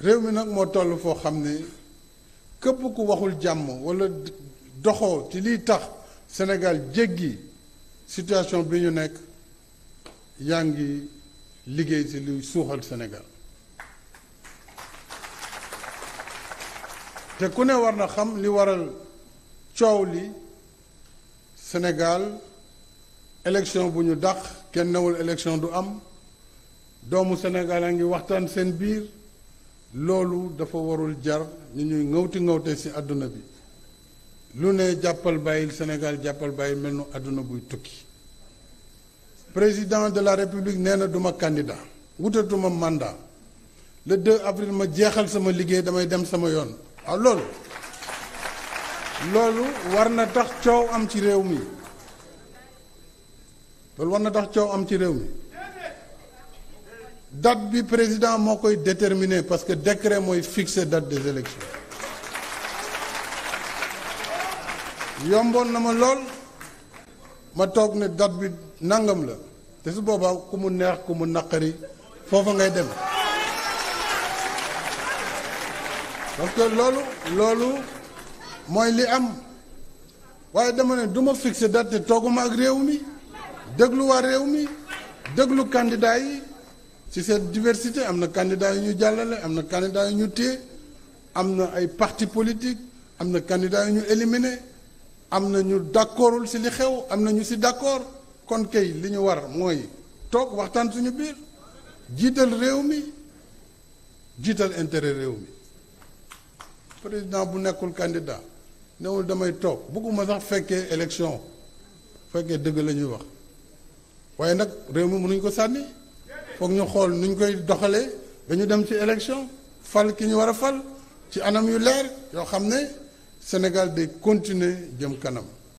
réew mi nag moo toll foo xam ne képp ku waxul jàmm walla doxoo ci liy tax Sénégal jéggi situation bi ñu nekk yaa ngi liggéey ci luy suuxal Sénégal te ku ne war na xam li waral coow li Sénégal élection bu ñu dàq kenn newul élection du am doomu Sénégal yaa ngi waxtaan seen biir loolu dafa warul jar ñu ñuy ngawti ngawte ci àdduna bi lu ne jàppal bàyyil Sénégal jàppal bàyyil mel nu àdduna buy tukki président de la république nee na duma candidat wutatuma mandat le 2 avril ma jeexal sama liggéey damay dem sama yoon waaw ah, loolu loolu war na tax coow am ci réew mi loolu war na tax coow am ci réew mi date bi président moo koy déterminé parce que décret mooy fixer dat des élections yomboon na ma lool ma toog ne date bi nangam la te su boobaa ku mu neex ku mu naqari foofa ngay dem parce loolu loolu mooy li am waaye dama ne du ma fixer date te tooguma ak réew mi déglu waa réew mi déglu candidat yi ci cette diversité am na candidat yu ñu jàllale am na candidat yu ñu téye am na ay parti politique am na candidat yu ñu éliminé am na ñu d'accordul ci li xew am na ñu ci d'accord kon kay li ñu war mooy toog waxtaan suñu biir jiital réew mi jiital intérêt réew mi président bu nekkul candidat newul damay toog bugguma sax fekkee élection fekkee dëgg la ñuy wax waaye nag réew mi mënuñ ko sànni foog ñu xool nuñ koy doxalee dañu dem ci élection fal ki ñu war a fal ci anam yu leer yoo xam ne Sénégal day continuer jëm kanam